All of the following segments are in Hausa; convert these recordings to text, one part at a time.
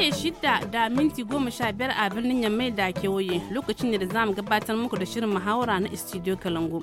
karfe 6 da minti goma sha 15 a birnin Yammai da kewaye lokacin da za mu gabatar muku da shirin muhawara na Studio Kalangu.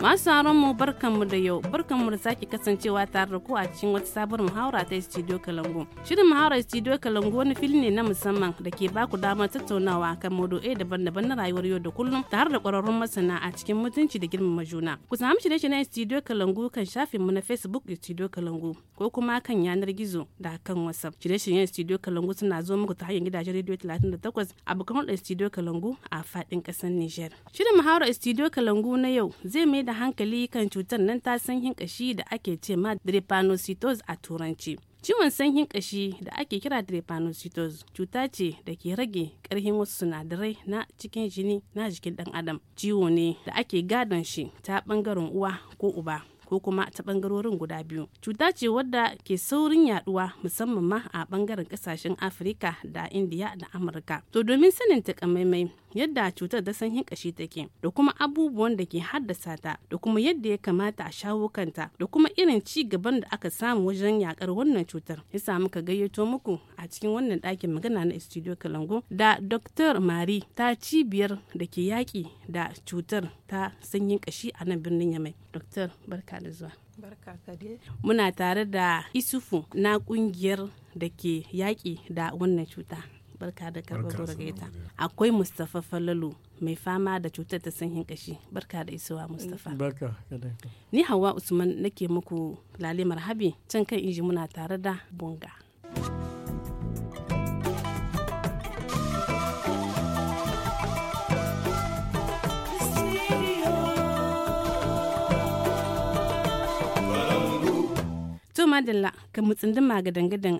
masu mu barkanmu da yau mu da sake kasancewa tare da ku a cikin wata sabuwar muhawara ta studio kalango shirin muhawara studio kalango wani fili ne na musamman da ke baku damar tattaunawa kan maudu'ai daban-daban na rayuwar yau da kullum tare da kwararrun masana a cikin mutunci da girmama juna ku samu shirye na studio kalango kan shafin mu na facebook studio kalango ko kuma kan yanar gizo da kan whatsapp shirye shiryen studio kalango suna zo muku ta hanyar gidajen rediyo 38 a bukamar studio kalango a fadin kasar niger shirin muhawara studio kalango na yau zai mai da hankali kan cutar nan ta sanyin kashi da ake ce ma drepanocytosis a turanci ciwon sanyin kashi da ake kira drepanocytosis cuta ce da ke rage karhin wasu sinadarai na cikin jini na jikin dan adam ciwo ne da ake gadon shi ta bangaren uwa ko uba ko kuma ta bangarorin guda biyu cuta ce wadda ke saurin yaduwa musamman ma a bangaren kasashen afirka da indiya da amurka to domin sanin takamaimai yadda cutar da sanyin kashi take da kuma abubuwan da ke haddasa ta da kuma yadda ya kamata a shawo kanta da kuma irin ci gaban da aka samu wajen yakar wannan cutar yasa muka gayyato muku a cikin wannan ɗakin magana na studio kalango da dr mari ta cibiyar da ke yaƙi da cutar ta sanyin kashi a nan birnin yamai dr barka Muna tare da Isufu na kungiyar da ke yaƙi da wannan cuta. Barka da karɓar gaita. Akwai Mustapha Falalu mai fama da cutar ta sanyin kashi. Barka da Isuwa Mustapha. Barka Ni Hawa Usman nake muku Lalimar Habi can kan inji muna tare da Bunga. madalla ka mu tsinduma ga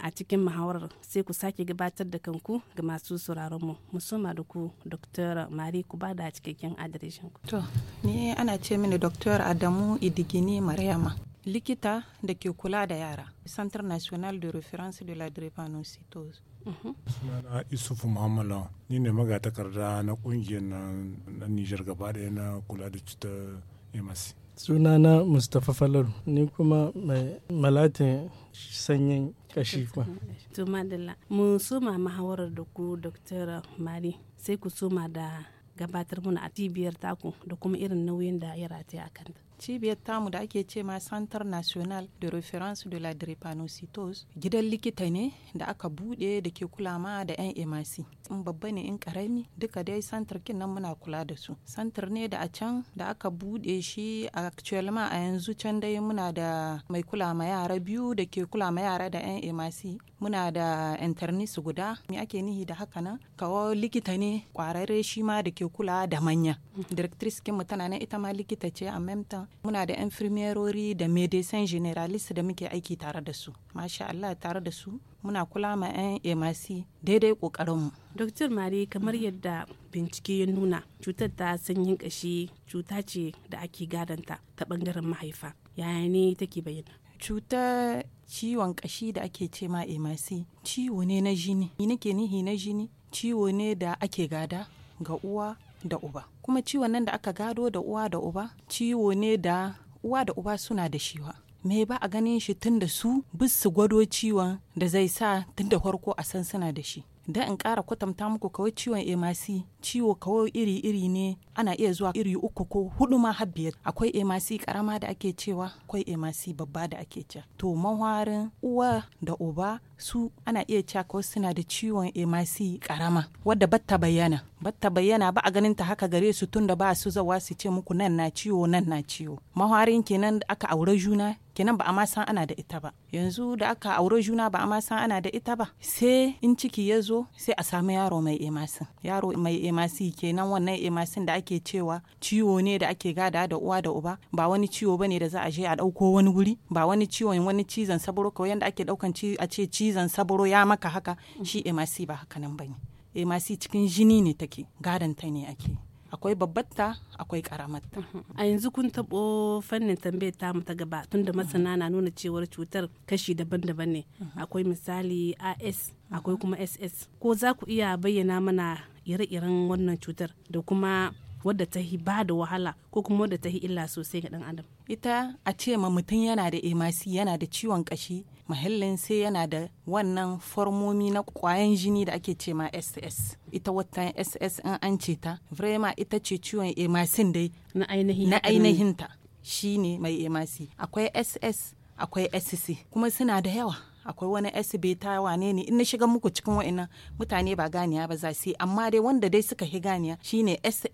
a cikin muhawarar sai ku sake gabatar da kanku ga masu sauraron mu musamman da ku dr mari ku bada cikakken adireshin ku to ni ana ce mini dr adamu idigini maryama likita da ke kula da yara centre national de reference de la drépanocytose mhm. sunana isufu muhammadu ni ne magatakarda na kungiyar na nijar gaba daya na kula da cutar emasi sunana mustapha falaru ni kuma mai malatin sanyin kashi kwa to madalla mu suma mahawar da ku dr mari sai ku suma da gabatar muna a cibiyar taku da kuma irin nauyin da ya rataya a kanta cibiyar tamu da ake ce ma Centre National de Reference de la Drepanocytose gidan likita ne da aka bude da ke kula ma da yan emasi in babba ne in karami duka dai santar kin nan muna kula da su santar ne da a can da aka bude shi actual ma a yanzu can dai muna da mai kula ma yara biyu da ke kula ma yara da yan emasi muna da internist guda me ake nihi da haka nan kawo likita ne kwararre shi ma da ke kula da manya directrice mu tana nan ita ma likita ce a memtan muna da 'yan infirmerori da medecin generalist da muke aiki tare da su masha Allah tare da su muna kula ma 'yan emasi daidai kokarinmu Dr. Mari kamar yadda bincike ya nuna cutar ta sanyin kashi cuta ce da ake gadanta ta bangaren mahaifa yaya ne take bayyana cutar ciwon kashi da ake ce ma emasi ciwo ne na jini nake nihi na jini ciwo ne da ake gada ga uwa da uba kuma ciwon nan da aka gado da uwa da uba ciwo ne da uwa da uba suna da shiwa me ba a ganin shi tun da su bisu su gwado ciwon da zai sa tun da farko a san suna da shi dan in ƙara kwatanta muku kawai ciwon emasi ciwo kawai iri-iri ne ana iya zuwa iri uku ko hudu ma har biyar akwai emasi karama da ake cewa akwai emasi babba da ake cewa to mahwarin uwa da uba su ana iya cewa suna da ciwon emasi karama wadda batta bayyana batta bayyana ba a ganin ta haka gare su tunda ba su zawa su ce muku nan na ciwo nan na ciwo maharin kenan da aka aure juna kenan ba a ma san ana da ita ba yanzu da aka aure juna ba a ma san ana da ita ba sai in ciki ya zo sai a samu yaro mai emasin yaro mai emasi kenan wannan emasin da ake cewa ciwo ne da ake gada da uwa da uba ba wani ciwo bane da za a je a dauko wani guri ba wani ciwon wani cizon saboda kawai yanda ake daukan ci a ce ci cizon saburo ya maka haka shi MRC ba haka nan ne. MRC cikin jini ne take gadon ta ne ake akwai babbatta akwai karamatta a yanzu kun taɓo fannin tambayar ta mu ta gaba tunda masana na nuna cewar cutar kashi daban-daban ne akwai misali as akwai kuma ss ko za ku iya bayyana mana ire-iren wannan cutar da kuma wadda ta yi ba da wahala ko kuma wadda ta yi illa sosai ga dan adam ita a ce ma mutum yana da emasi yana da ciwon kashi muhallin sai yana da wannan formomi na kwayan jini da ake ce ma ss ita wata ss in an ce ta vrema ita ce ciwon emasin dai na ainihinta shine mai emasi akwai ss akwai sc kuma suna da yawa akwai wani asibita wane ne in na shiga muku cikin wa'ina mutane ba ganiya ba za su yi amma dai wanda dai suka yi ganiya shine ss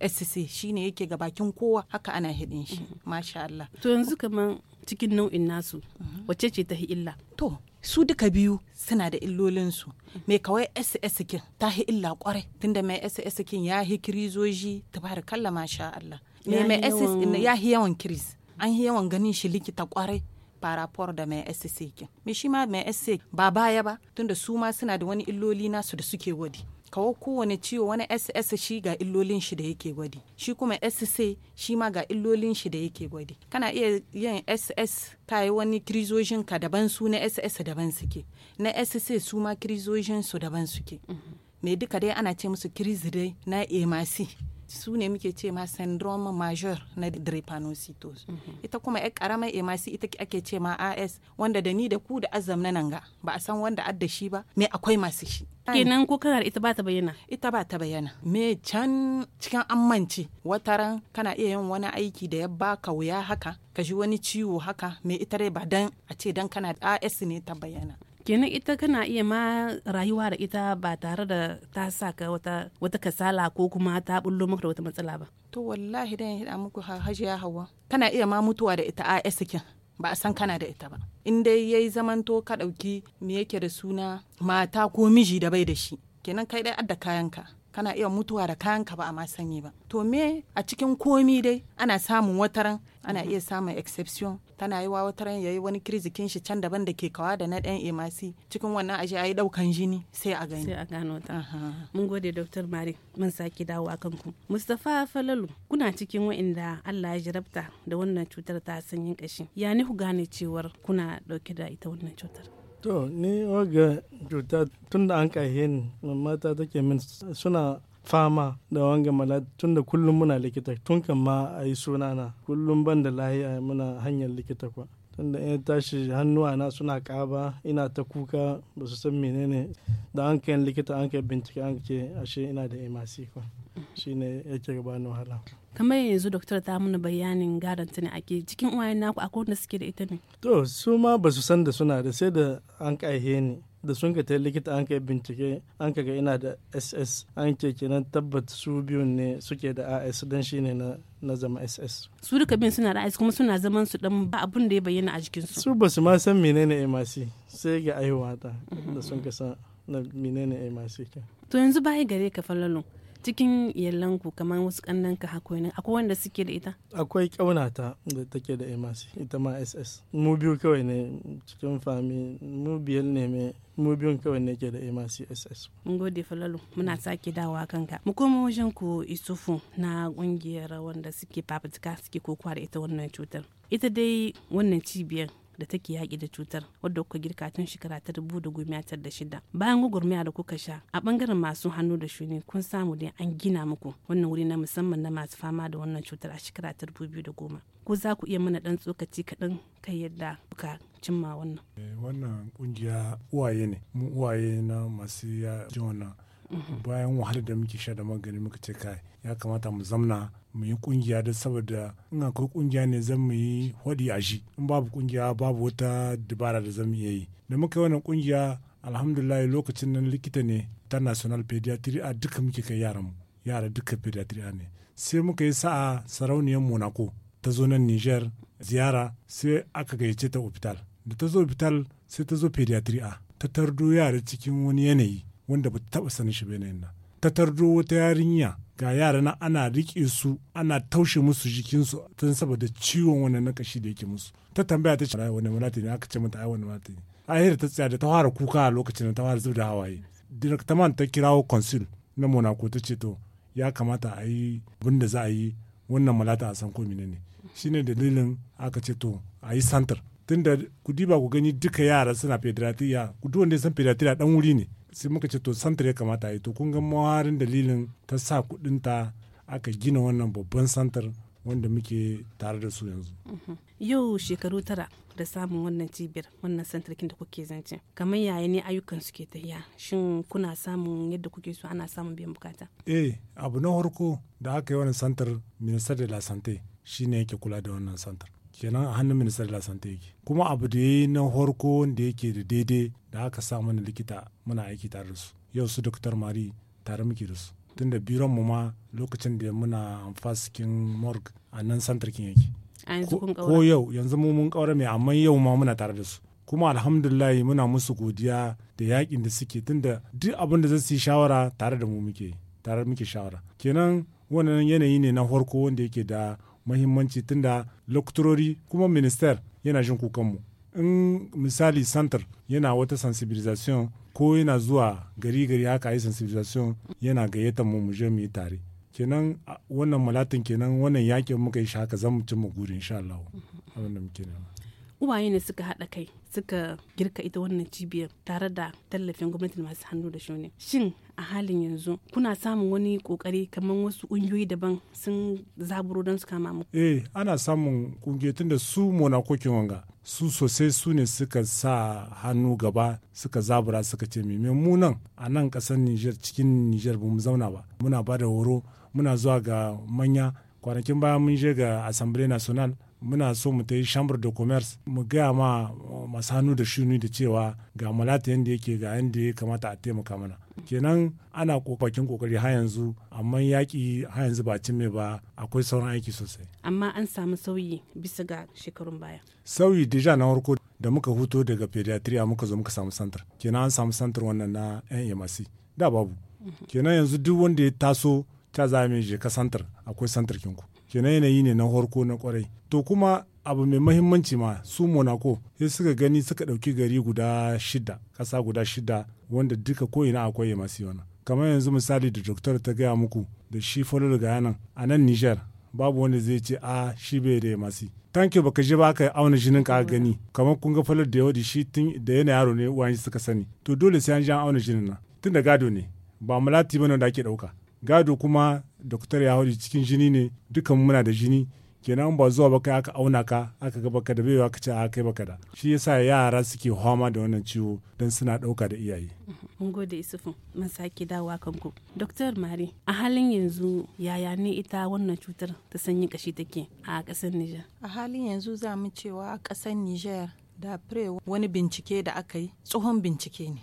SC shine yake ga bakin kowa haka ana hidin shi mhm. masha Allah to yanzu kaman cikin nau'in nasu mhm. wacce ce ta illa to su duka biyu suna da illolinsu mai kawai ss kin ta hi illa kwarai tunda mai ss kin ya hi kirizoji tabarkalla masha Allah mai mai ss ya hi yawan kiriz an hi yawan ganin shi likita kwarai parapor da mai SSC ke. me shi ma mai SSC ba baya ba tunda su ma suna da wani illoli nasu da suke gwadi kawo kowane ciwo wani ss shi ga illolin shi da yake gwadi shi kuma sc shi ma ga illolin shi da yake gwadi kana iya yin ss ta yi wani kirizojin ka daban su na ss daban suke na sc su ma kirizojin su daban suke mhm. me duka dai ana ce musu kirizi dai na emasi su ne muke ce ma syndrome majeur na drepanocytosis mhm. ita kuma yar karamar emasi ita ake ce ma as wanda da ni da ku da azam na ga ba a san wanda adda shi ba me akwai masu shi kenan ko kana ita ba ta bayyana ita ba ta bayyana me can cikin amince wataran kana iya yin wani aiki da ya baka wuya haka ka ji wani ciwo haka me ita dai ba dan a ce dan kana as ne ta bayyana kenan ita kana iya ma rayuwa da ita ba tare da ta sa ka wata kasala ko kuma ta bullo maka da wata matsala ba to wallahi dan hida muku hajiya hawa kana iya ma mutuwa da ita a esikin ba a san kana da ita ba in dai yayi zamanto ka dauki me yake da suna mata ko miji da bai da shi kenan kai dai adda kayanka kana iya mutuwa da kayanka ba a ma ba to me a cikin komi dai ana samun wataran ana iya samun exception tana yi wa wataran ya yi wani kirzikin shi can daban da ke kawa da na ɗan emasi cikin wannan a yi ɗaukan jini sai a gani sai a gano ta mun gode dr mari mun sake dawo kan ku mustafa falalu kuna cikin wa'inda Allah ya jarabta da wannan cutar ta sanyin kashi ya ni ku gane cewar kuna ɗauke da ita wannan cutar to ni oga cuta tun da an kahe ni mata take min suna fama da wanga mala tun da kullum muna likita tun kan ma a yi sunana kullum ban da lahiya muna hanyar likita tun tunda ya tashi hannuwa na suna kaba ina ta kuka ba su san menene da an kai likita an kai bincike an ce ashe ina da emasi kwa shine yake gabanin wahala kamar yanzu doktor ta muna bayanin garanta ne ake cikin uwaye naku akwai wanda suke da ita ne to su ma ba su san da suna da sai da an kaihe ni da sun ka yi likita an kai bincike an ka ga ina da ss an ke kenan tabbat su biyun ne suke da as dan shine na na zama ss su duka bin suna da as kuma suna zaman su dan ba abun da ya bayyana a jikin su su ba su ma san menene MRC sai ga aihuwa ta da sun ka san na menene MRC to yanzu baya gare ka fallalo cikin yallanku kamar wasu kannan ka hakoyi akwai wanda suke da ita akwai kyaunata da take da emasi ita ma ss mu biyu kawai ne cikin fami mu biyar ne mai mu biyun kawai ne ke da emasi ss mun gode falalu muna sake dawa kanka mu koma wajen ku isufu na kungiyar wanda suke fafutuka suke kokowa da ita wannan cutar ita dai wannan cibiyar da take yaƙi da cutar wadda kuka girka tun shekara ta dubu da goma tar da shida bayan gwagwarmaya da kuka sha a bangaren masu hannu da shuni kun samu dai an gina muku wannan wuri na musamman na masu fama da wannan cutar a shekara ta dubu biyu da goma ko za ku iya mana ɗan tsokaci kaɗan kai yadda kuka cimma wannan. Eh, wannan kungiya uwaye ne mu uwaye na masu jin wannan bayan wahala da muke sha da magani muka ce kai ya kamata mu zamna mu yi kungiya da saboda in akwai kungiya ne zan mu yi hodi a shi in babu kungiya babu wata dabara da zan iya yi da muka yi wannan kungiya alhamdulillah lokacin nan likita ne ta national pediatry a duka muke kai yaran mu yara duka pediatry ne sai muka yi sa'a sarauniyar monaco ta zo nan niger ziyara sai aka gayyace ta hospital da ta zo hospital sai ta zo pediatry a ta tardo yara cikin wani yanayi wanda ba taɓa sanin shi bai nan ta tardo wata yarinya ga yara na ana riƙe su ana taushe musu jikinsu tun saboda ciwon wannan na kashi da yake musu ta tambaya ta ce ai wani malati ne aka ce mata ai wani malati ne ahira ta tsaya da ta fara kuka a lokacin da ta fara zubda da hawaye directement ta kirawo consul na monaco ta ce to ya kamata a yi abin da za a yi wannan mulata a san ko ne shine dalilin aka ce to a yi santar tunda ku diba ku gani duka yara suna pediatriya ku duk wanda ya san pediatriya dan wuri ne sai muka ce to santar ya kamata yi to kun ga mawarin dalilin ta sa kudinta aka gina wannan babban santar wanda muke tare da su yanzu mhm. yau shekaru tara da samun wannan cibiyar wannan santarkin da kuke zance kamar yaya ne ayyukan suke tafiya shin kuna samun yadda kuke so ana samun biyan bukata eh abu na farko da aka yi wannan santar minista de la santé shine yake kula da wannan santar kenan a hannun minista da santa yake kuma abu da ya yi na horko da yake da daidai da aka sa mana likita muna aiki tare da su yau su doktor mari tare muke da su tunda biron mu ma lokacin da muna amfasikin morg a nan santarkin yake ko yau yanzu mu mun kaura mai amma yau ma muna tare da su kuma alhamdulillah muna musu godiya da yakin da suke tunda duk abin da zai yi shawara tare da mu muke tare muke shawara kenan wannan yanayi ne na farko wanda yake da mahimmanci tunda lokutorori kuma minister yana jin kukanmu in misali santar yana wata sensibilisation ko yana zuwa gari gari haka yi sensibilisation yana gayyata mu mu je mu yi tare kenan wannan malatin kenan wannan yakin muka yi shi haka zan mu ci mu guri insha Allah mm-hmm. abin da uwaye ne suka haɗa kai suka girka ita wannan cibiyar tare da tallafin gwamnatin masu hannu da shuni shin a halin yanzu kuna samun wani kokari kamar wasu kungiyoyi daban sun zaburo don su kama mu. eh ana samun kungiyoyi da su mona kokin wanga su sosai su ne suka sa hannu gaba suka zabura suka ce mai mu a nan kasar niger cikin niger ba mu zauna ba muna ba da horo muna zuwa ga manya kwanakin baya mun je ga assemblée national. muna so mu ta yi chamber de commerce mu gaya ma masu hannu da shuni da cewa ga malata yadda yake ga yadda ya kamata a taimaka mana kenan ana kokakin kokari har yanzu amma yaƙi har yanzu ba cin ba akwai sauran aiki sosai amma an samu sauyi bisa ga shekarun baya sauyi deja na farko da muka huto daga pediatria muka zo muka samu santar kenan an samu santar wannan na yan da babu mhm. kenan yanzu duk wanda ya taso ta zame je ka santar akwai santar kinku kenan yanayi ne na horko na kwarai to kuma abu mai mahimmanci ma su monaco sai suka gani suka ɗauki gari guda shida ƙasa guda shida wanda duka ko ina akwai masu yana kamar yanzu misali da doktor ta gaya muku da shi fololo ga yanan a nan niger babu wanda zai ce a ah, shi bai da masu tanki baka je ba ka auna jinin ka gani kamar kun ga fololo da yawadi shi tun da yana yaro ne uwan suka sani to dole sai an ji an auna jinin nan tun da gado ne ba mulati bane da ake ɗauka gado kuma doktor ya hauji cikin jini ne dukan muna da jini kenan ba zuwa baka aka auna ka aka ga baka da baiwa ka ce aka kai baka da shi yasa yara suke hama da wannan ciwo don suna dauka da iyaye mun gode isufin mun sake dawowa kanku doktor mari a halin yanzu yaya ne ita wannan cutar ta sanyi kashi take a kasar niger a halin yanzu za mu cewa kasar niger da pre wani bincike da aka yi tsohon bincike ne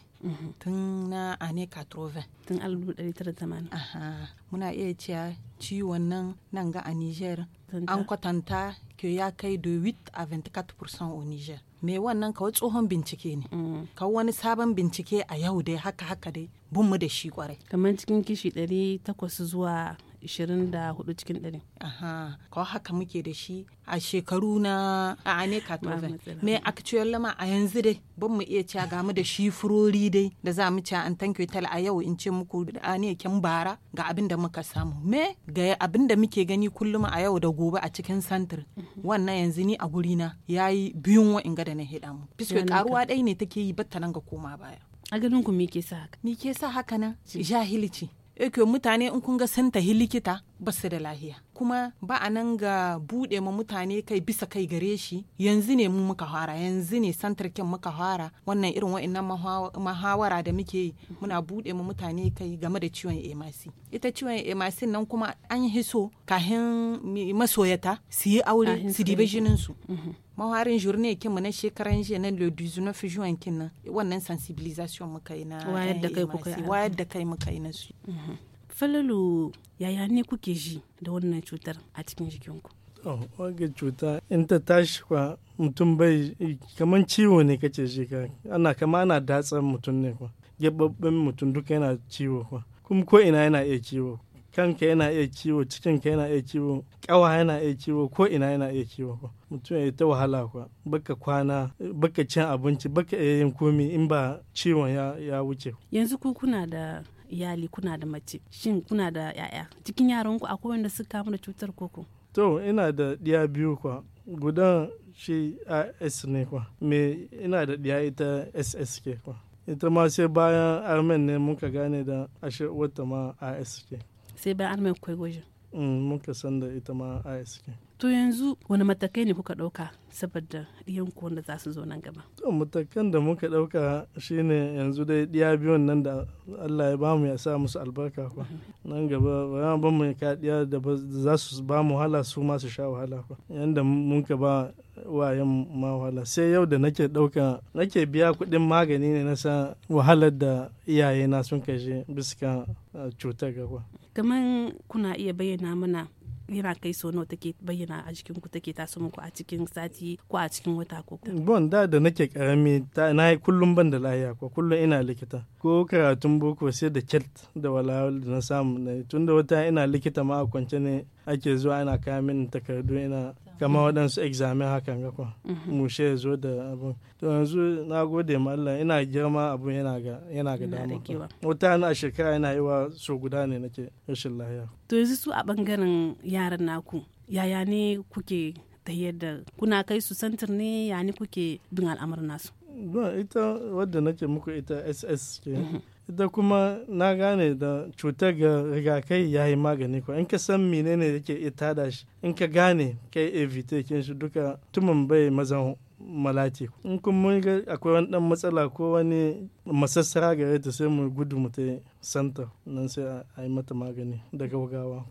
tun na ane 80 tun 1980 muna iya cewa ciwon nan nan ga a niger an kwatanta ke ya kai da 8 a 24% o niger me wannan kawai tsohon bincike ne mm. kawai wani sabon bincike a yau dai haka haka dai bin mu da shi kwarai kamar cikin kishi 800 zuwa 24 cikin 100 aha ko haka muke da shi a shekaru na a ne katoven me actual lama a yanzu dai ban mu iya cewa ga mu da shi furori dai da za mu ci an tanke tal a yau in ce muku a ne kin bara ga abin da muka samu me ga abin da muke gani kullum a yau da gobe a cikin santir mhm. wannan yanzu ni a guri na yayi biyun wa'in ga da na hida mu fiske karuwa dai ne take yi batta nan ga koma baya a ganin ku me ke sa haka ni ke sa haka nan jahilci eke mutane in kun ga sun tahi likita ba su da lahiya kuma ba a nan ga buɗe ma mutane kai bisa kai gare shi yanzu ne mu muka fara yanzu ne santarkin muka fara wannan irin wa'annan mahawara da muke yi muna buɗe ma mutane kai game da ciwon emasi ita ciwon emasi nan kuma an hiso kahin masoyata su yi aure su dibe jinin su mawarin mhm. journée mu na shekaran jiya na le 19 juin kinnan wannan sensibilisation muka yi na wayar da kai muka yi na su mhm. falalu yaya ne kuke ji da wannan cutar a cikin jikinku wage cuta in ta tashi kwa mutum bai kaman ciwo ne kace shi ka ana kama ana datsan mutum ne kwa gebabben mutum duka yana ciwo kwa kuma ko ina yana iya ciwo kanka yana iya ciwo cikinka yana iya ciwo kawa yana iya ciwo ko ina yana iya ciwo kwa mutum ya ta wahala kwa baka kwana baka cin abinci baka iya yin komi in ba ciwon ya, ya wuce yanzu ku kuna da iyali kuna da mace shin kuna da yaya cikin yaranku akwai wanda suka kamu da cutar koko to ina da ɗiya biyu kwa gudan shi as ne kwa me ina da ɗiya ita ssk kwa ita ma sai bayan armen ne muka gane da ashe wata ma ask sai bayan armen kwai gwajin mm, muka san da ita ma ask to yanzu wani matakai ne kuka ɗauka saboda ɗiyanku wanda za su zo nan gaba to matakan da muka ɗauka shine yanzu dai ɗiya biyu nan da allah ya bamu ya sa musu albarka kwa mm-hmm. nan gaba ba ban mu ka ɗiya da za su ba mu wahala su ma su sha wahala kwa yanda mun ka ba wayan ma wahala sai yau da nake ɗauka nake biya kuɗin magani ne na sa wahalar da iyaye na sun shi bisa eh, cutar gaba kamar kuna iya bayyana mana yana kai so nawa take bayyana a jikin ku take taso muku a cikin sati ko a cikin wata ko bon da da nake karami na yi kullum ban da lahiya ko kullum ina likita ko karatun boko sai da kilt da walawal da na samu tun tunda wata ina likita ma a kwance ne ake zuwa ana kamin takardu ina kama waɗansu examen hakan ga kwa mhm. mushe ya zo da abin to yanzu na gode ma Allah ina girma abin yana ga yana ga dama wata a shekara yana yi wa so guda ne nake rashin lahiya to yanzu su a bangaren yaran naku yaya ne kuke ta yadda kuna kai su santir ne ya ne kuke bin al'amar nasu ita wadda nake muku ita ss ke ita kuma na gane da cutar ga rigakai ya yi magani ko in ka san menene yake ita da shi in ka gane kai evite kin shi duka tumin bai mazan malati in kun mun ga akwai wani dan matsala ko wani masassara gare ta sai mu gudu mu ta santa nan sai a yi mata magani da gaugawa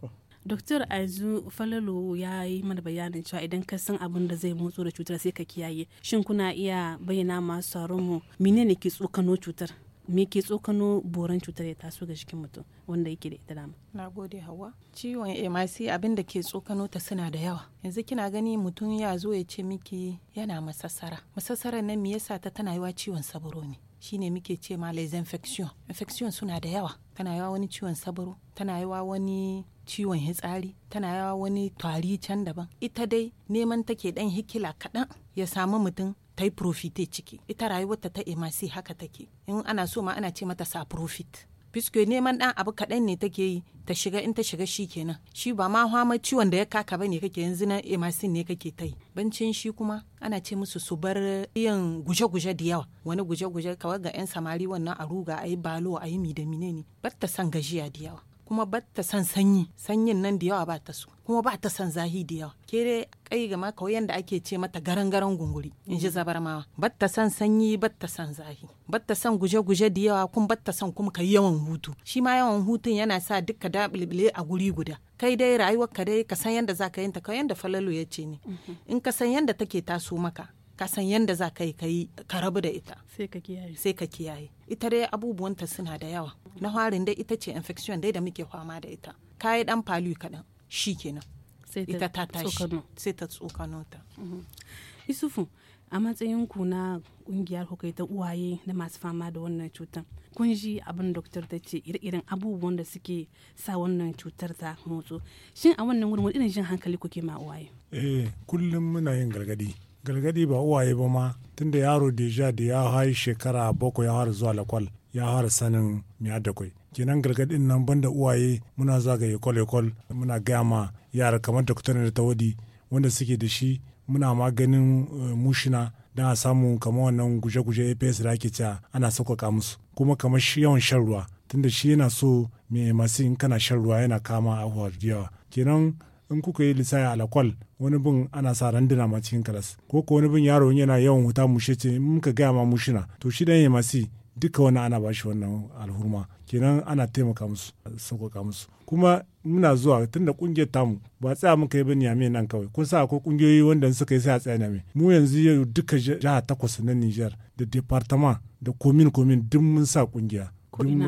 Doktor Aizu Falalu ya yi mana bayanin cewa idan ka san abin da zai motsa da cutar sai ka kiyaye. Shin kuna iya bayyana masu tsaron mu menene ke tsokano cutar? Me ke tsokano boran cutar ya taso ga jikin mutum wanda yake da ita dama? Na gode Hawa. Ciwon MIC abin da ke tsokano ta suna da yawa. Yanzu kina gani mutum ya zo ya ce miki yana masassara. Masassara nan me yasa ta tana yiwa ciwon saburo ne? shine muke ce ma les infection infection suna da yawa tana yawa wani ciwon saburo tana yawa wani ciwon hitsari tana yawa wani tari can daban ita dai neman take dan hikila kaɗan ya samu mutum ta yi profite ciki ita rayuwarta ta emasi haka take in ana so ma ana ce mata sa profit biskwe neman dan abu kaɗan ne take yi ta shiga in ta shiga shi kenan shi ba ma hama ciwon da ya kaka ba ne kake yanzu na emasin ne kake ta yi bancin shi kuma ana ce musu su bar yin guje-guje da yawa wani guje-guje kawai ga yan samari wannan a ruga a yi balo a yi midamine ne bar ta san gajiya da yawa kuma ba ta san sanyi sanyin nan da yawa ba ta so kuma ba ta san zahi da yawa ke dai kai ga ma yanda ake ce mata garan garan gunguri in ji zabarmawa ba ta san sanyi ba ta san zahi ba ta san guje guje da yawa kuma ba ta san kuma kai yawan hutu shi ma yawan hutun yana sa dukka bilbile a guri guda kai dai rayuwar ka dai ka san yanda zaka yin ta kai yanda falalu ya ce ne mhm. in ka san yanda take taso maka ka san yadda za ka yi ka yi ka rabu da ita sai ka kiyaye sai ita dai abubuwanta suna da yawa na harin dai ita ce infection dai da muke fama da ita ka yi dan palu kaɗan shi kenan ita ta tashi sai ta tsokano ta isufu mhm. a matsayin ku na kungiyar hukai ta uwaye na masu fama da wannan cutar kun ji abin doktor ta ce irin abubuwan da suke sa wannan cutar ta motso shin a wannan wurin wani irin jin hankali kuke ma uwaye eh kullum muna yin gargadi galgadi ba uwaye ba ma tunda yaro deja da ya haihu shekara ya har zuwa lakwal ya har sanin miya da kwai kenan galgadin nan banda uwaye muna zuwa ga ekol ekol muna gaya ma yara kamar doktor da tawadi wanda suke da shi muna maganin eh, mushina don a samu kamar wannan guje-guje aps da ake cewa ana sauƙaƙa musu kuma kamar shi yawan shan ruwa tunda shi yana so mai masu in kana shan ruwa yana kama abubuwa da kenan in kuka yi lisaya alakwal wani bin ana sa randuna ma cikin kalas ko ko wani bin yaro yana yawan wuta mushe ce in muka gaya ma mushina to shi dan ya masi duka wani ana bashi wannan alhurma kenan ana taimaka musu sauƙaƙa musu kuma muna zuwa tunda kungiyar tamu ba tsaya muka yi ba yame nan kawai kun sa akwai kungiyoyi wanda suka yi sai a tsaya yame mu yanzu yau duka jiha takwas na Niger da departement da komin komin duk mun sa kungiya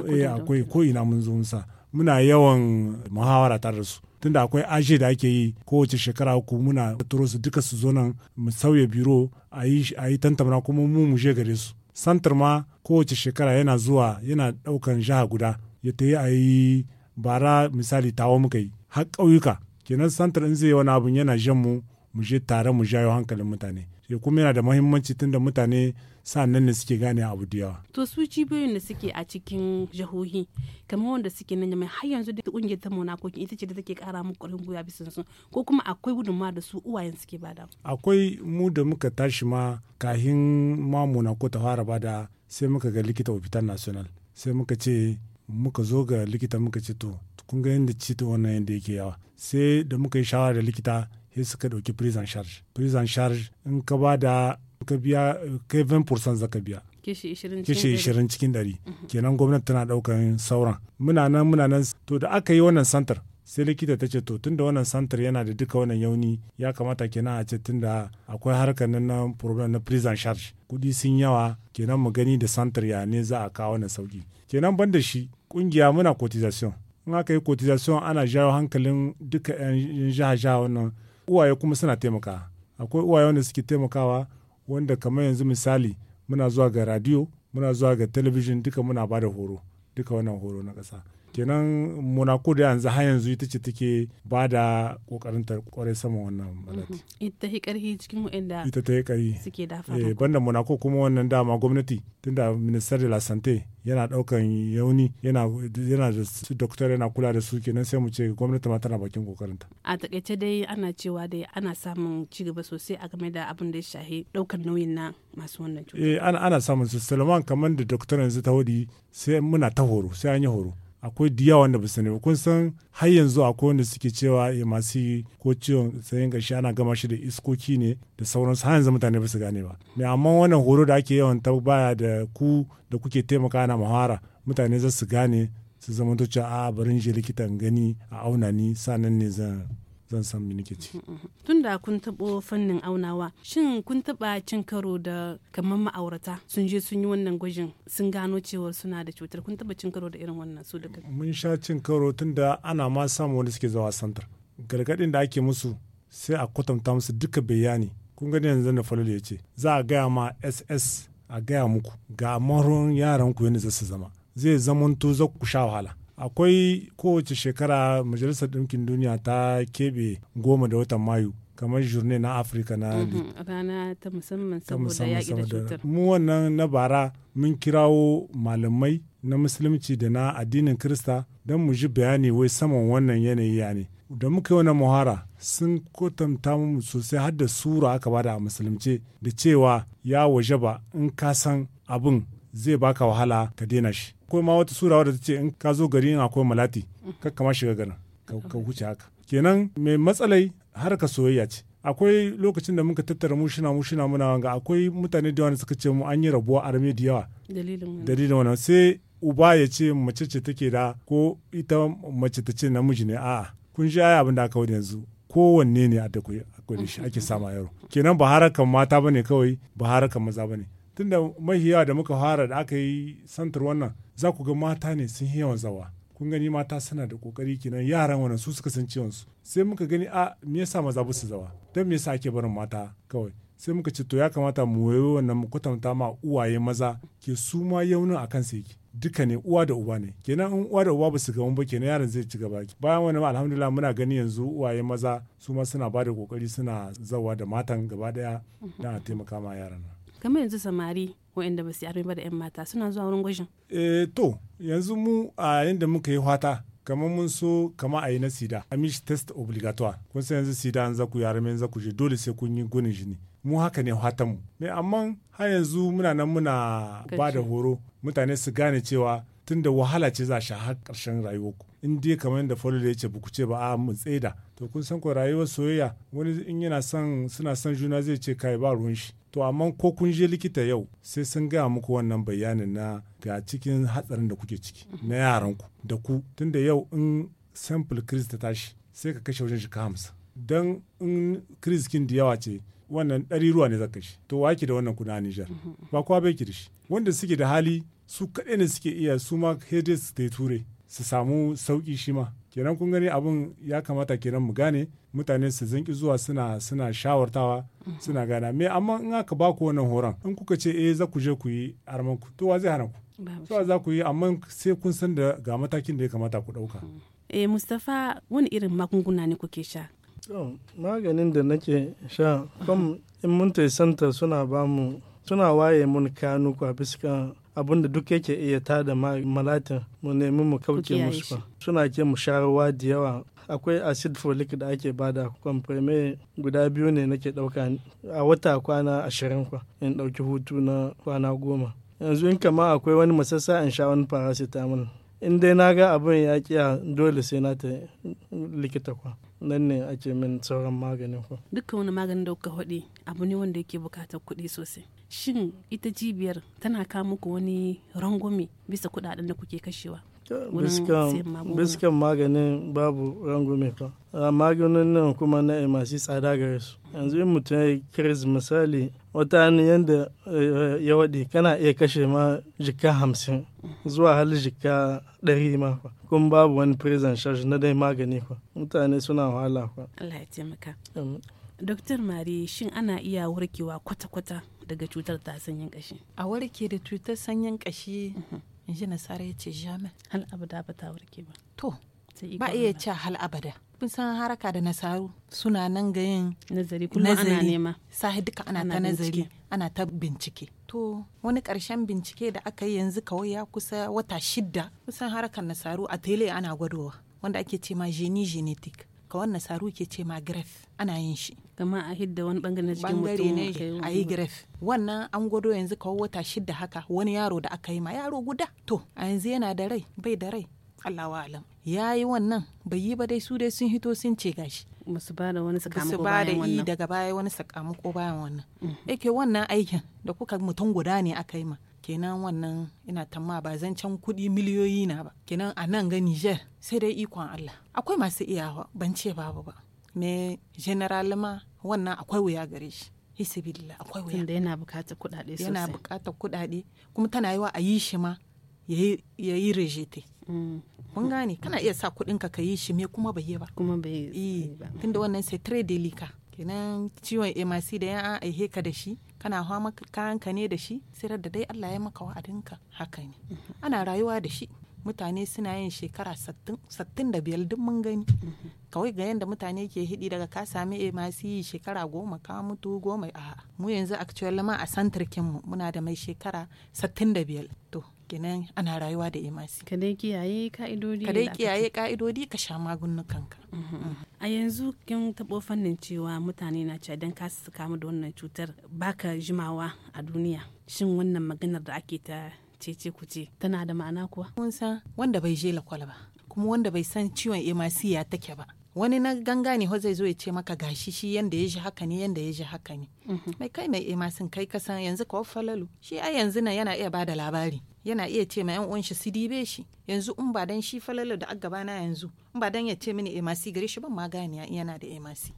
eh, akwai ko ina mun zo mun sa muna yawan muhawara tare da su tunda akwai ashe da ake yi kowace shekara uku muna turo su duka su zo nan mu sauya biro a yi tantamana kuma mu mu je gare su santar ma kowace shekara yana zuwa yana daukan jiha guda ya ta yi a yi bara misali tawo muka yi har ƙauyuka kenan santar in zai yi wani abun yana jan mu mu je tare mu jayo hankalin mutane kuma yana da muhimmanci tunda mutane nan ne suke gane abu da yawa to su cibiyoyin da suke a cikin jihohi kamar wanda suke nan mai har yanzu da kungiyar ta ko ita ce da take kara mu ƙwarin gwiwa bisan su ko kuma akwai gudunmawa da su uwayen suke bada akwai mu da muka tashi ma kahin ma ko ta fara bada sai muka ga likita ofitan national sai muka ce muka zo ga likita muka ce to kun ga yadda cito wannan yadda yake yawa sai da muka yi shawara da likita sai suka ɗauki prison charge prison charge in ka ba da ka biya kai 20% zaka biya kishi 20 cikin dari. Mhm. kenan gwamnati tana daukan sauran muna nan muna nan to da aka yi wannan santar sai likita ta ce to tunda wannan santar yana da duka wannan yauni ya kamata kenan a ce tunda akwai harkar nan na problem na prison charge kudi sun yawa kenan mu gani da santar ya ne za a kawo wannan sauki kenan ban da shi kungiya muna cotization in aka yi cotization ana jawo hankalin duka yan jaha jaha wannan uwaye kuma suna taimaka akwai uwaye wanda suke taimakawa wanda kamar yanzu misali muna zuwa ga radio muna zuwa ga talabijin duka muna ba da horo duka wannan horo na ƙasa kenan monaco da yanzu har yanzu ita ce take ba da kokarin ta kwarai sama wannan malati mhm. ita ta karhi cikin wa'anda ita ta karhi suke dafa eh banda monaco kuma wannan dama gwamnati tunda minister de la santé yana daukan yauni yana yana da su doctor yana kula da su kenan sai mu ce gwamnati ma tana bakin kokarin ta a takaice dai ana cewa dai ana samun ci gaba sosai a game da abin da ya shahi daukan nauyin na masu wannan cuta eh ana samun su salaman kamar da doctor yanzu ta hodi sai muna ta horo sai an yi horo akwai diya wanda ba sani kun san har yanzu akwai wanda suke cewa eh, masu ko ciwon sayin gashi ana gama shi da iskoki ne da sauransu har yanzu mutane ba su gane ba me amma wannan horo da ake yawan ta baya da ku da kuke taimaka na muhara mutane za su gane su zama cewa a barin je likitan gani a auna ni sanan ne zan zan san mini ke ci. Mm-hmm. Tun da kun taɓo fannin aunawa, shin kun taɓa cin karo da kamar ma'aurata sun je sun yi wannan gwajin sun gano cewar suna da cutar kun taɓa cin karo da irin wannan su duka. Mun sha cin karo tun da ana ma samun wanda suke zawa santar. Gargaɗin da ake musu sai a kwatanta musu duka bayani. Kun gani yanzu da falo ya ce za a gaya ma SS a gaya muku ga maron yaran ku yadda za su zama. Zai zamanto za ku sha wahala. akwai kowace shekara majalisar ɗinkin duniya ta keɓe goma da watan mayu kamar journée na afirka na mhm, rana ta musamman saboda yaƙi mu wannan na bara mun kirawo malamai na musulunci da na addinin krista don mu ji bayani wai saman wannan yanayi ya da muka yi wani muhara sun kwatanta mu sosai har da sura aka bada a musulunci da cewa ya waje ba in ka san abin zai baka wahala ka daina shi akwai ma wata sura wadda ta ce in ka zo gari in akwai malati ka kama shiga garin ka huce haka kenan mai matsalai har ka soyayya ce akwai lokacin da muka tattara mushina mushina muna wanga akwai mutane da wani suka ce mu an yi rabuwa arme da yawa dalilin wannan sai uba ya ce mace ce take da ko ita mace ta ce namiji ne a'a kun ji aya abin aka wani yanzu kowanne ne a da ake sama yaro kenan ba harakan mata bane kawai ba harakan maza bane tunda mahiya da muka fara da aka yi santar wannan za ku ga mata ne sun yi yawan zawa kun gani mata suna da kokari kenan yaran wannan su suka san ciwon su sai muka gani a me yasa maza ba su zawa don me yasa ake barin mata kawai sai muka ce to ya kamata mu wayo wannan mu kwatanta ma uwaye maza ke su ma yaunin akan su yake duka ne uwa da uba ne kenan in uwa da uba ba su gamu ba kenan yaran zai ci gaba bayan wani alhamdulillah muna gani yanzu uwaye maza su ma suna ba da kokari suna zawa da matan gaba daya mhm. na a taimaka ma yaran kamar yanzu samari waɗanda ba su yi ba da 'yan mata suna zuwa wurin gwajin. eh to yanzu mu a yadda muka yi fata kamar mun so kama a yi na sida amish test obligatoire kun san yanzu sida an zaku yara men zaku je dole sai kun yi gunin jini mu haka ne hatan mu me amma har yanzu muna nan muna ba da horo mutane su gane cewa tun da wahala ce za sha har ƙarshen ku in dai kamar yadda falo da ya ce buku ce ba a mu tseda to kun san ko rayuwar soyayya wani in yana son suna son juna zai ce kai ba ruwan shi to amma ko kun je likita yau sai sun gaya muku wannan bayanin na ga cikin hatsarin da kuke ciki na yaranku da ku tunda yau in sample kriz ta tashi sai ka kashe wajen shika hamsin don in kriz kin da yawa ce wannan ɗari ruwa ne za kashe to wa da wannan kuna Nijar ba kuwa bai ki da shi wanda suke da hali su kaɗai ne suke iya su ma da ta ture su samu sauƙi shi ma kenan kun gani abin ya kamata kenan mu gane mutane su zinki zuwa suna suna shawartawa mhm. suna gana me amma in aka ba ku wannan horon in kuka ce eh za ku je ku yi arman ku to wa zai hana ku to za ku yi amma sai kun san da ga matakin da ya kamata ku dauka mhm. eh mustafa wani irin magunguna ne kuke sha maganin da nake sha kam in mun santa suna ba mu suna waye mun kanu a fiskan abinda duk yake iya tada malatin mu nemi mu kauce musu ba suna ke mu sharawa da yawa akwai acid folic da ake bada komprime guda biyu ne nake dauka a wata kwana ashirin kwa in dauki hutu na kwana goma yanzu in kama akwai wani masassa in sha wani paracetamol in dai na ga abin ya kiya dole sai na ta likita kwa nan ne ake min sauran maganin ku duka wani maganin da kuka haɗe abu ne wanda yake buƙatar kuɗi sosai shin ita jibiyar tana kawo muku wani rangwame bisa kuɗaɗen da kuke kashewa biskan maganin babu rangume fa maganin nan kuma na masu tsada gare su yanzu in mutum ya kiris misali wata yadda eh, ya waɗe kana iya kashe ma jika hamsin zuwa hali jika ɗari ma fa kun babu wani prison charge na dai magani fa mutane suna wahala fa Allah ya taimaka Doktor Mari shin ana iya warkewa kwata-kwata daga cutar ta sanyin kashi a warke da cutar sanyin kashi mhm. in ji nasara ya ce jamin hal abada ba ta warke ba to ba iya ce hal abada kun san haraka da nasaru suna nan ga yin nazari kuma ana nema sahi duka ana ta nazari ana ta bincike to wani karshen bincike da aka yi yanzu kawai ya kusa wata shidda kusan harakan nasaru a tele ana gwadowa wanda ake ce ma jini genetic ka wannan ke ce ma graph ana yin shi kama a hidda wani bangare na mutum a yi gref wannan an gwado yanzu kawo wata shidda haka wani yaro da aka yi ma yaro guda to a yanzu yana da rai bai da rai Allah wa alam ya yi wannan bai yi ba dai su dai sun hito sun ce gashi musu ba da wani sakamako bayan wannan musu daga baya wani sakamako bayan wannan mm. yake wannan aikin da kuka mutum guda ne aka yi ma kenan wannan ina tamma ba zan can kuɗi miliyoyi na ba kenan a nan ga Niger sai dai ikon Allah akwai masu iyawa ban ce babu ba me generalima wannan akwai wuya gare shi hisibilla akwai wuya tunda yana bukatar kudade sosai yana bukatar kudade kuma tana yi wa a yi shi ma ya yi rejete mm. kun gane kana iya sa kudin ka yi shi me kuma bai yi ba kuma bai yi ba tunda wannan sai tre delica kenan ciwon emasi da ya a aihe ka da shi kana hawa kayan ka ne da shi sai da dai Allah ya maka wa'adinka haka ne mm-hmm. ana rayuwa da shi mutane suna yin shekara 65 duk mun gani kawai ga yadda mutane ke hidi daga ka sami a masu yi shekara goma ka mutu goma a mu yanzu actual ma a santarkin mu muna da mai shekara 65 da to kenan ana rayuwa da emasi ka dai kiyaye ka'idodi ka dai kiyaye ka'idodi ka sha magungunanka. Mm-hmm. a yanzu kin tabo fannin cewa mutane na cewa don ka kamu da wannan cutar baka jimawa a duniya shin wannan maganar da ake ta cece kuce tana da ma'ana kuwa mun san wanda bai je lakwal ba kuma wanda bai san ciwon emasi ya take ba wani na ganga ne ho zai zo ya ce maka gashi shi yanda ya ji haka ne yanda ya ji haka ne mhm. mai kai mai emasin kai kasan yanzu ka falalu shi a yanzu nan yana iya bada labari yana iya ce ma yan uwan shi su dibe shi yanzu in ba dan shi falalu da agaba na yanzu in ba dan ya ce mini emasi gare shi ban ma gani yana da emasi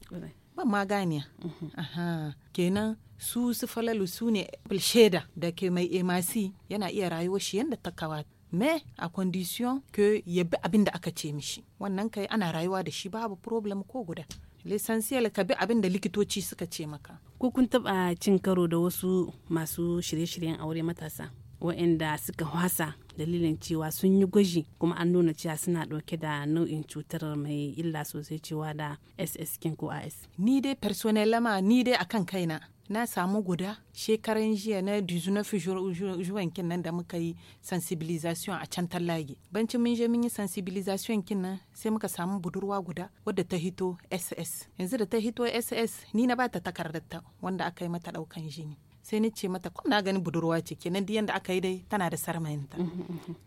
ban ma gane mhm. aha kenan su su falalu su ne shaida da ke mai emasi yana iya rayuwar shi yadda ta kawa me a condition ke ya bi abin da aka ce mishi wannan kai ana rayuwa da shi babu problem ko guda lisansiyar ka bi abin da likitoci suka ce maka ko kun taba cin karo da wasu masu shirye-shiryen aure matasa waɗanda suka wasa dalilin cewa sun yi gwaji kuma an nuna cewa suna ɗauke da nau'in cutar mai illa sosai cewa da ss kin ko as ni dai personnel lama ni dai akan kaina na samu guda shekaran jiya na 19 juwan kin nan da muka yi sensibilisation a can tallage banci mun je mun yi sensibilisation kin nan sai muka samu budurwa guda wadda ta hito ss yanzu da ta hito ss ni na ba ta takardar ta wanda aka yi mata daukan jini sai ni ce mata ko na gani budurwa ce kenan duk yanda aka yi dai tana da sarmayinta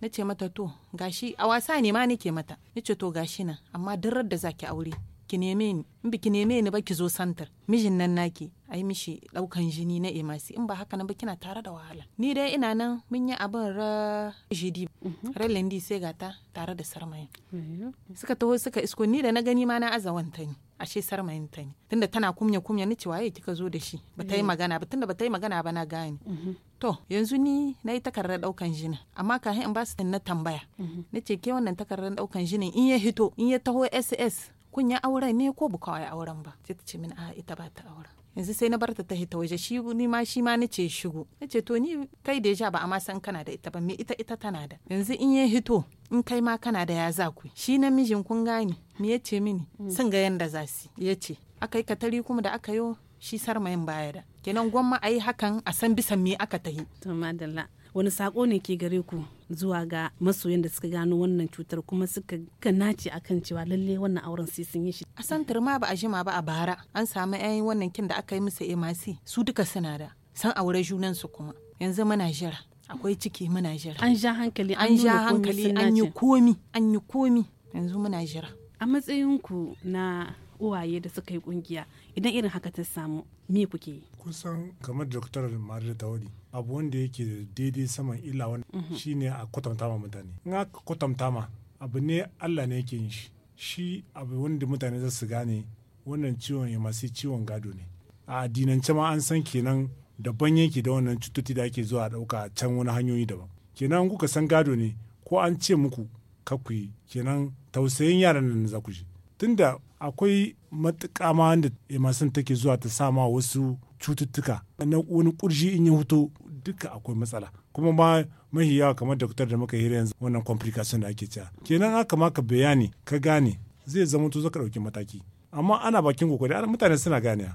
na ce mata to gashi a wasa ne ma nake mata ni ce to gashi na amma duk da zaki aure ki neme ni in biki neme ni ba ki zo santar mijin nan naki ai mishi daukan jini na emasi in ba haka nan ba kina tare da wahala ni dai ina nan mun yi abin ra jidi mhm. ra lendi sai gata tare da sarmayin suka taho suka isko ni da na gani ma na azawanta ne ashe sarmayin ta ne tunda tana kumya kumya ni cewa kika zo da shi ba ta yi eh. magana ba tunda ba ta yi magana ba na gane mhm. to yanzu ni nayi yi takardar daukan jinin amma kafin in ba su na tambaya mhm. na ce ke wannan takardar daukan jinin in ya hito in ya taho ss kun ya auren ne ko buka ya auren ba sai ta ce min a ita ba ta auren yanzu sai na bar ta hita waje shi ni ma shi ma nace shigo nace to ni kai da ja ba amma san kana da ita ba me ita ita tana da yanzu in ya hito in kai ma kana da ya za ku shi namijin kun gane me yace mini mm. sun ga yanda za su yace akai yi katari kuma da aka yo shi sarmayin baya da kenan gwamma ayi hakan a san bisa me aka tahi to madalla wani sako ne ke gare ku zuwa ga masoyan da suka gano wannan cutar kuma suka a akan cewa lalle wannan auren sai sun yi shi a santar ma ba a jima ba a bara an samu yayin wannan kin da aka yi musu emasi su duka suna da san aure junan su kuma yanzu muna jira akwai ciki muna jira an ja hankali an ja hankali an yi komi an yi komi yanzu muna jira a matsayinku na uwaye da suka yi kungiya idan irin haka ta samu me kuke yi kusan da kamar doktor Maria Tawadi abu wanda yake daidai saman illa wani mhm. shine a kwatanta ma mutane in aka kwatanta ma abu ne allah ne yake yin shi shi abu wanda mutane za su gane wannan ciwon ya masu ciwon gado ne a addinance ma an san kenan daban yake da wannan cututtuki da ake zuwa dauka can wani hanyoyi daban kenan kuka san gado ne ko an ce muku kakuyi kenan tausayin yaran nan za ku ji tunda akwai matuƙa ma wanda emasin take zuwa ta sama wasu cututtuka na wani ƙurji in ya fito duka akwai matsala kuma ma mahiya kamar daktar da muka hira yanzu wannan complication da ake cewa kenan aka maka ka bayani ka gane zai zama to zaka dauki mataki amma ana bakin kokari mutane suna gane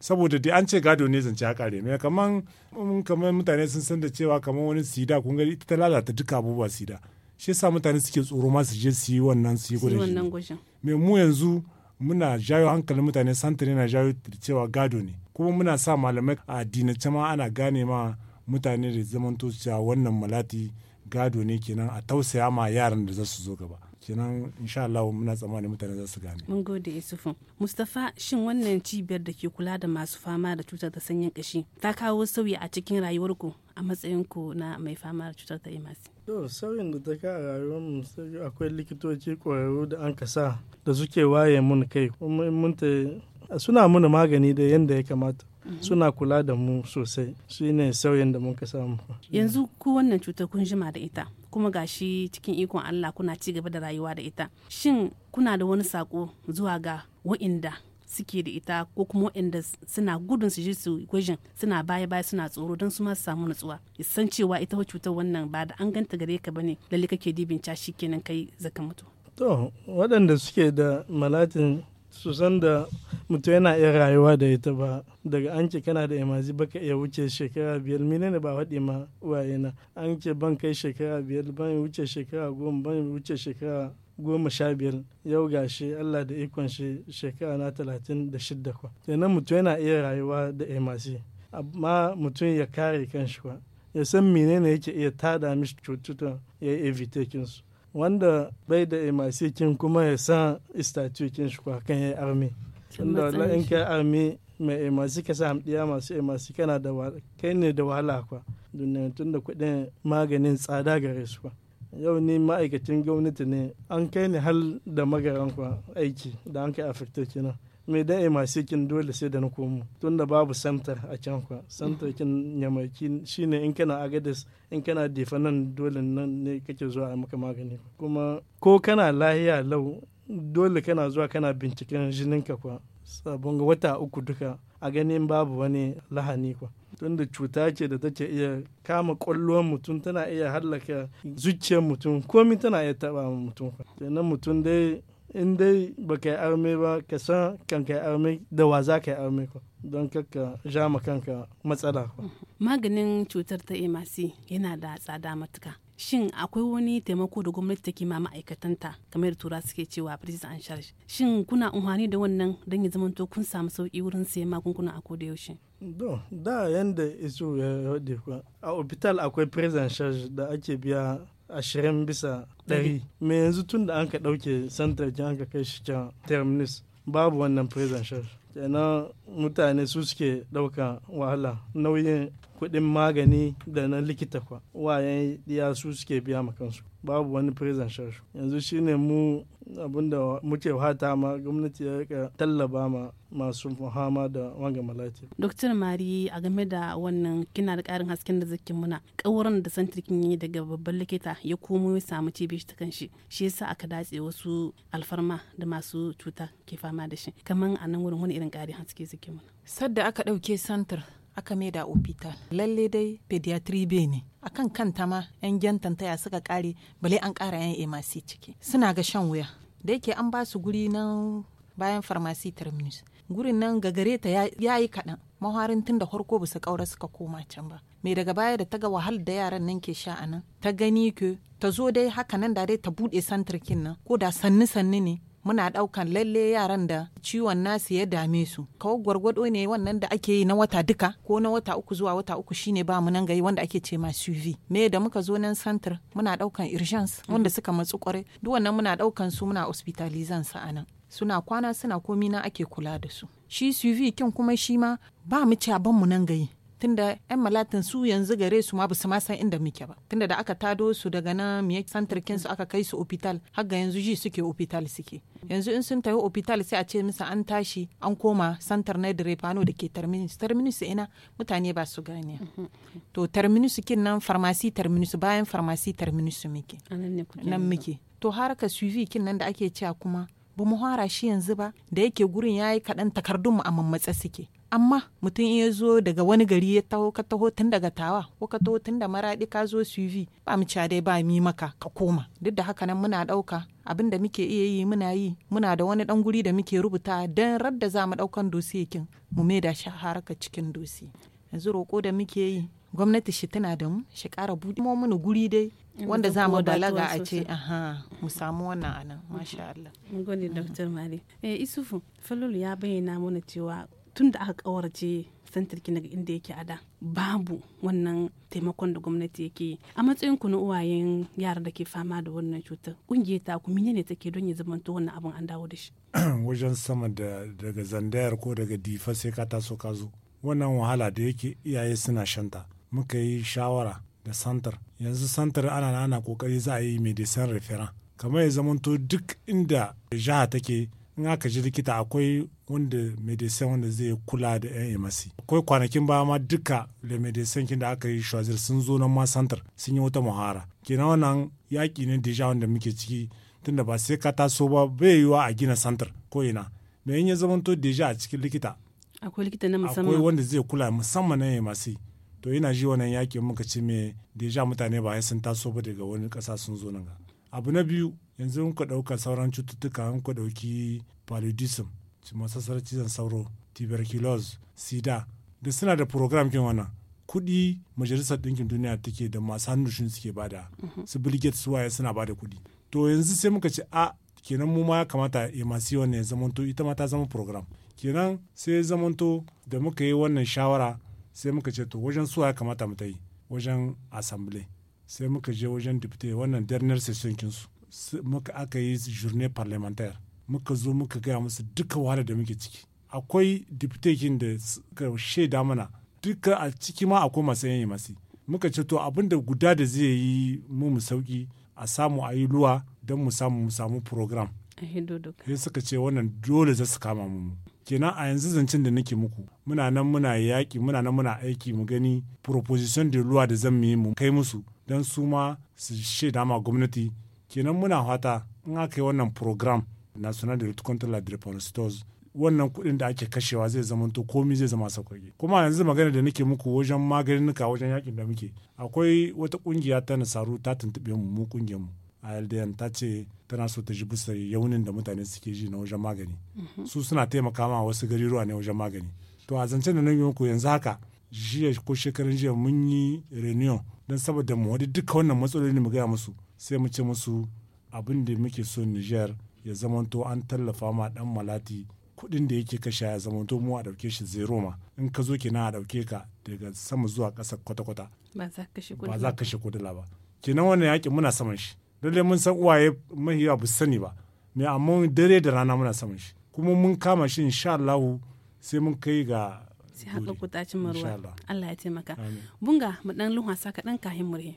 saboda dai an ce gado ne zance ya kare mai kaman mm, kaman mutane sun san da cewa kaman wani sida kun ga ita ta lalata duka abubuwa sida shi yasa mutane suke tsoro ma su je su yi wannan su yi gudun me mu yanzu muna jayo hankalin mutane santiri na jayo cewa gado ne kuma muna sa malamai a addinance ma ana gane ma mutane da zamanto cewa wannan malati gado ne kenan a tausaya ma yaran da za su zo gaba kenan insha Allah muna tsammanin mutane za su gane. Mun gode Isufu. Mustafa shin wannan cibiyar da ke kula da masu fama da cutar ta sanyin kashi ta kawo sauyi a cikin rayuwarku a matsayin ku na mai fama da cutar ta IMAS To sauyin da ta a rayuwar mu akwai likitoci ƙwararru da an kasa da suke waye mun kai kuma mun ta suna muna magani da yanda ya kamata. Mhm. suna kula da mu sosai su ne sauyin da muka samu yanzu ku wannan cutar kun jima da ita kuma gashi cikin ikon Allah kuna ci gaba da rayuwa da ita shin kuna da wani sako zuwa ga wa'inda suke da ita ko kuma wa'inda suna gudun su ji su gwajin suna baya baya suna tsoro don su ma su samu nutsuwa san cewa ita cutar wannan ba da an ganta gare ka bane lalle kake dibin cashi kenan kai zaka mutu to waɗanda suke da malatin su san da mutum yana iya rayuwa da ita ba daga an ce kana da imazi baka iya wuce shekara biyar menene ba waɗe ma waye na an ce ban kai shekara biyar ban wuce shekara goma ban wuce shekara goma sha biyar yau gashi Allah da ikon shi shekara na talatin da shidda kwa sannan mutum yana iya rayuwa da imazi amma mutum ya kare kanshi kwa ya san menene yake iya tada mishi cututtuka ya yi evite wanda bai da emasikin kuma ya san istatukin shi kan ya armi wanda wala in ka armi mai emasi ka sa hamdiya masu emasi kana da kai ne da wahala kwa duniya tun da kuɗin maganin tsada gare su kwa yau ni ma'aikacin gwamnati ne an kai ni hal da magaran kwa aiki da an kai afirta kenan mai da masu kin dole sai da na komo tunda babu samtar a can kwa santar kin yamaki shine in kana agadis in kana defa nan dole nan ne kake zuwa a maka magani kuma ko kana lahiya lau dole kana zuwa kana binciken jininka kwa sabon wata uku duka a ganin babu wani lahani kwa tunda cuta ce da take iya kama kwallon mutum tana iya hallaka zuciyar mutum komi tana iya taba mutum kenan mutum dai in dai ba ka yi arme ba ka san kan yi arme da wa za ka yi arme ko don kakka ja ma kanka matsala ko. Uhuh. maganin cutar ta emasi yana da tsada matuka shin akwai wani taimako da gwamnati take ma ma'aikatanta kamar tura suke cewa price and charge shin kuna umarni da wannan don ya zamanto kun samu sauki wurin sayan magunguna a koda yaushe don da yanda isu ya yi a hospital akwai prison charge da ake biya ashirin bisa ɗari me yanzu tun da an ka ɗauke santar kin an ka kai shi can terminus babu wannan prison shar kenan mutane su suke ɗauka wahala nauyin kuɗin magani da na likita kwa wayan diya su suke biya ma kansu babu wani prison shar yanzu shine mu abinda muke wata ma gwamnati ya rika tallaba ma masu muhama da wanga malati. Dr. Mari a game da wannan kina da karin hasken da zakin muna kawuran da santirkin yi daga babban likita ya komo ya samu cibi ta kan shi yasa aka datse wasu alfarma da masu cuta ke fama da shi kaman a nan wurin wani irin karin haske zakin muna. Sadda aka ɗauke santir aka da hospital lalle dai pediatry bay ne akan kanta ma yan ta taya suka kare bale an kara yan emasi ciki suna ga shan wuya da yake an ba su guri nan bayan farmasi terminus gurin nan ga gare ta ya yi kaɗan maharin tun da farko ba su ƙaura suka koma can ba mai daga baya da ta ga wahal da yaran nan ke sha a nan ta gani ke ta zo dai haka nan da dai ta buɗe santirkin nan ko da sanni sanni ne muna ɗaukan lalle yaran da ciwon nasu ya dame su kawo gwargwado ne wannan da ake yi na wata duka ko na wata uku zuwa wata uku shine ba mu nan gari wanda ake ce ma suv me da muka zo nan santir muna ɗaukan urgence wanda suka matsu kwarai duk wannan muna ɗaukan su muna hospitalizan sa anan suna kwana suna komi na ake kula da su shi suv kin kuma shi ma ba mu ci mu nan gayi tunda yan malatin su yanzu gare su ma su ma san inda muke ba tunda da aka tado su daga nan miye santarkin su aka kai su opital har ga yanzu ji suke opital suke yanzu in sun tafi opital sai a ce musu an tashi an koma santar na direfano da ke terminus terminus ina mutane ba su gane to terminus kin nan farmasi terminus bayan farmasi terminus muke nan muke to har ka suvi kin nan da ake cewa kuma ba mu fara shi yanzu ba da yake gurin ya yi kaɗan mu a mammatsa suke amma mutum ya zo daga wani gari ya taho ka taho tun daga tawa ko ka taho tun da maraɗi ka zo cv. ba mu ca dai ba mi maka ka koma duk da haka nan muna ɗauka abin da muke iya yi muna yi muna da wani ɗan guri da muke rubuta don radda za mu ɗaukan dosiyakin mu mai da shi haraka cikin dosi yanzu roƙo da muke yi gwamnati shi tana da mu shi ƙara buɗe mu guri dai wanda za mu balaga a ce aha mu samu wannan anan masha Allah mun gode Dr. Mali eh Isufu Falulu ya bayyana mana cewa tun da aka kawarce santar ki daga inda yake ada babu wannan taimakon da gwamnati yake yi a matsayin ku na uwayen yara da ke fama da wannan cutar kungiyar ta ku menene take don ya zamanto wannan abin an dawo da shi wajen sama da daga zandayar ko daga difa sai ka taso ka zo wannan wahala da yake iyaye suna shanta muka yi shawara da santar yanzu santar ana ana kokari za a yi medecin referent kamar ya zamanto duk inda jiha take in aka ji likita akwai wanda medecin wanda zai kula da yan emasi akwai kwanakin ba ma duka da medecin kin da aka yi shazir sun zo nan ma santar sun yi wata muhara kenan wannan yaki ne deja wanda muke ciki tunda ba sai ka taso ba bai yiwa a gina santar ko ina me in ya zamanto deja a cikin likita akwai wanda zai kula musamman na emasi to ina ji wannan yakin muka ce me deja mutane ba sun taso ba daga wani ƙasa sun zo nan abu na biyu yanzu in ku ɗauka sauran cututtuka in ku ɗauki paludism masasar cizon sauro tuberculosis sida da suna da program kin wannan kuɗi majalisar ɗinkin duniya take da masu hannu shi suke bada mhm. su bill gates waye suna bada kuɗi to yanzu sai muka ce a kenan mu ma ya kamata emasiyon ne zamanto ita ma ta zama program kenan sai zamanto da muka yi wannan shawara sai muka ce to wajen suwa ya kamata mu ta yi wajen assembly sai muka je wajen deputy wannan dernier session kinsu muka aka yi journée parlementaire muka zo muka gaya musu duka wahala da muke ciki akwai kin da suka shaida mana duka a ciki ma akwai masu yanyi masu muka ce to abinda guda da zai yi mu mu sauki a samu a yi luwa don mu samu mu samu program sai suka ce wannan dole za su kama mu kenan a yanzu zancen da nake muku muna nan muna yaƙi muna nan muna aiki mu gani proposition de loi da zan yi mu kai musu don su ma su shaida ma gwamnati kenan muna fata in aka yi wannan program national de control contre la stores. wannan kuɗin da ake kashewa zai zama to komi zai zama sauƙaƙe kuma yanzu magana da nake muku wajen maganin wajen yaƙin da muke akwai wata ƙungiya ta nasaru ta tuntuɓe mu mu ƙungiyar mu ALDN ta ce tana so ta ji bisa yaunin da mutane suke ji na wajen magani mhm. su suna taimaka ma wasu garuruwa ne wajen magani to a zancen da nan ku yanzu haka jiya ko shekarun jiya mun yi reunion don saboda mu wadi duka wannan matsaloli mu gaya musu sai mu ce musu abin da muke so Niger ya zamanto an tallafa ma dan malati kuɗin da yake kashe ya zamanto mu a ɗauke shi zero ma in ka zo kenan a ɗauke ka daga sama zuwa ƙasa kwata-kwata ba za ka kashe kudula ba kenan wannan yakin muna saman shi lalle mun san uwaye mahi yawa sani ba me amma dare da rana muna saman shi kuma mun kama shi insha Allah sai mun kai ga sai haƙa kutacin marwa Allah ya taimaka bunga mu dan luhasa kaɗan kahin murhe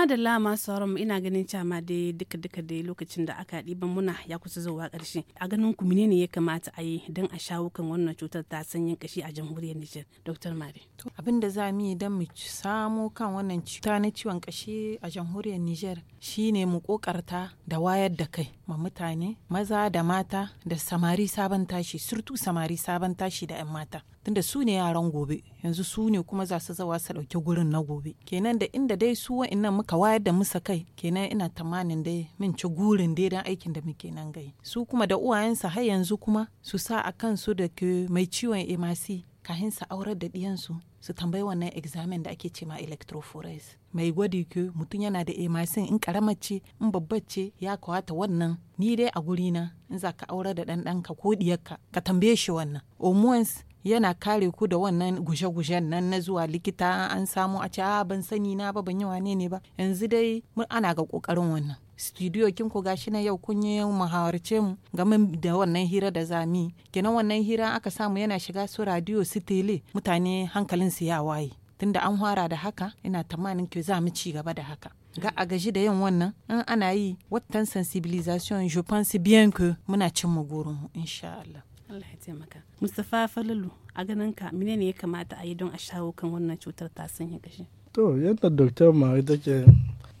madalla masu sauran ina ganin cama dai duka duka dai lokacin da aka ɗiban muna ya kusa zuwa ƙarshe a ganin ku menene ya kamata a yi don a shawo kan wannan cutar ta sanyin kashi a jamhuriyar Nijar Dr. mari abin da za mu yi don mu samo kan wannan cuta na ciwon kashi a jamhuriyar Nijar shine mu kokarta da wayar da kai ma mutane maza da mata da samari sabon tashi surtu samari sabon tashi da 'yan mata tunda su ne yaran gobe yanzu su ne kuma za su zawa su ɗauki gurin na gobe kenan da inda dai su wa'annan muka wayar da musa kai kenan ina tamanin dai min ci gurin dai dan aikin da muke nan gai su kuma da uwayensa har yanzu kuma su sa a kansu da ke mai ciwon emasi kahin su aurar da ɗiyansu su tambayi wannan examen da ake ce ma mai gwadi ke mutum yana da emasin in karamar ce in babbar ce ya kawata wannan ni dai a guri na in za ka aurar da ɗanɗanka ko ɗiyarka ka tambaye shi wannan hormones yana kare ku da wannan guje-gujen nan na zuwa likita an samu a ce a ah, ban sani na ba ban yi wane ne ba yanzu dai ana ga kokarin wannan studio kin ko gashi na yau kun yi muhawarce mu game da wannan hira da zami kenan wannan hira aka samu yana shiga su radio su tele mutane hankalin su ya waye tunda an fara da haka ina tamanin ke za mu ci gaba da haka ga a gaji da yin wannan in ana yi watan sensibilisation je pense bien que muna cin mu gurin mu insha Allah Allah ya taimaka Mustafa Falalu a ganin ka menene ya kamata a yi don a shawo kan wannan cutar ta sanya gashi to yadda doktor ma take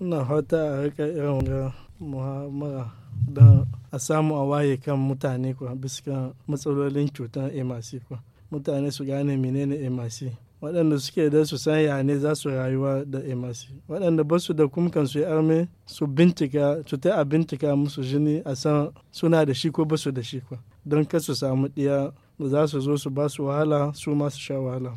na hota a rika irin ga muhammara don a samu a waye kan mutane kuwa bisa matsalolin cutar emasi kuwa mutane su gane menene emasi waɗanda suke da su san ya ne za su rayuwa da emasi waɗanda ba su da kumkan su yi arme su bintika su a bincika musu jini a san suna da shi ko ba su da shi kuwa don ka su samu ɗiya za su zo su ba su wahala su ma su sha wahala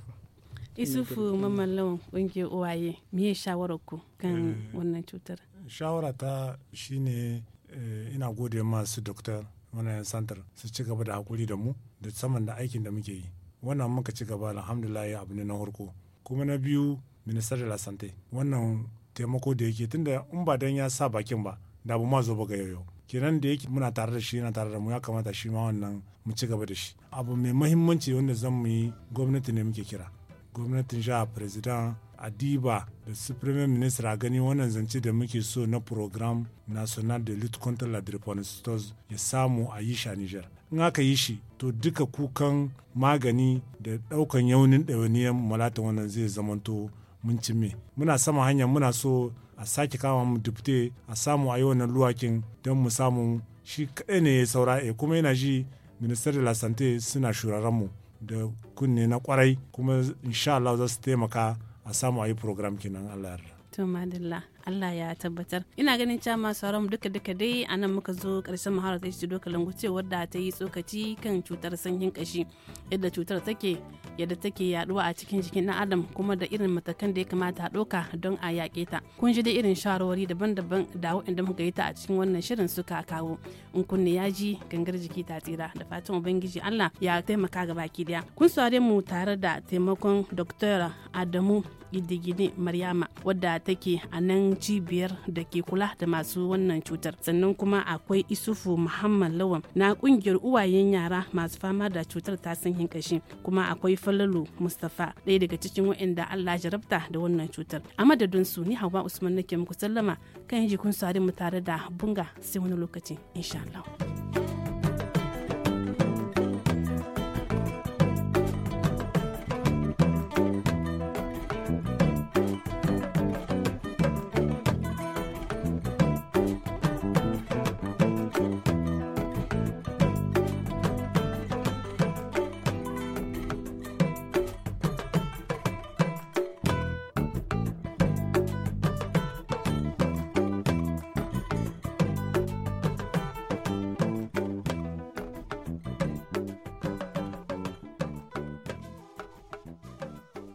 isufu mamallawan ƙungiyar uwaye miye shawarar ku kan eh. wannan cutar shawara ta shine eh, ina gode masu doktor wannan santar su ci gaba da hakuri da mu da saman da aikin da muke yi wannan muka ci gaba alhamdulillah abu ne na harko kuma na biyu ministar da sante wannan taimako da yake tunda in ba dan ya sa bakin ba da ba ma zo ba ga yau kenan da yake muna tare da shi yana tare da mu ya kamata shi ma wannan mu ci gaba da shi abu mai mahimmanci wanda zan mu yi gwamnati ne muke kira gwamnatin jiha president adiba da su premier minister a gani wannan zance da muke so na program national de lutte contre la drepanocytosis ya samu a yi shi a niger in aka yi shi to duka kukan magani da daukan yaunin ɗawainiyar malata wannan zai zamanto mun cimme muna sama hanya muna so a sake kama mu dubte a samu a yi wannan luwakin don mu samu shi kaɗai ne ya saura eh, kuma yana ji minister de la sante suna shuraren mu da kunne na kwarai kuma insha Allah za su taimaka a samu a yi program kinan Allah yarda. To madalla. Allah ya tabbatar ina ganin cewa masu mu duka duka dai a nan muka zo karshen muhawara ta ci doka langucewar wadda ta yi tsokaci kan cutar sanyin kashi yadda cutar take yadda take yaduwa a cikin jikin na adam kuma da irin matakan da ya kamata a doka don a yaƙe ta kun ji dai irin shawarwari daban-daban da waɗanda muka yi ta a cikin wannan shirin suka kawo in kunne ya ji gangar jiki ta tsira da fatan ubangiji Allah ya taimaka ga baki daya kun saurare mu tare da taimakon Dr. Adamu digini maryama wadda take a nan cibiyar da ke kula da masu wannan cutar sannan kuma akwai isufu muhammad lawan na kungiyar uwayen yara masu fama da cutar ta tasin kashi kuma akwai falalu mustapha ɗaya daga cikin waɗanda allah jarabta da wannan cutar a madadin su ni hawa usman nake muku sallama kan yi jikun mu tare da bunga sai wani lokaci insha allah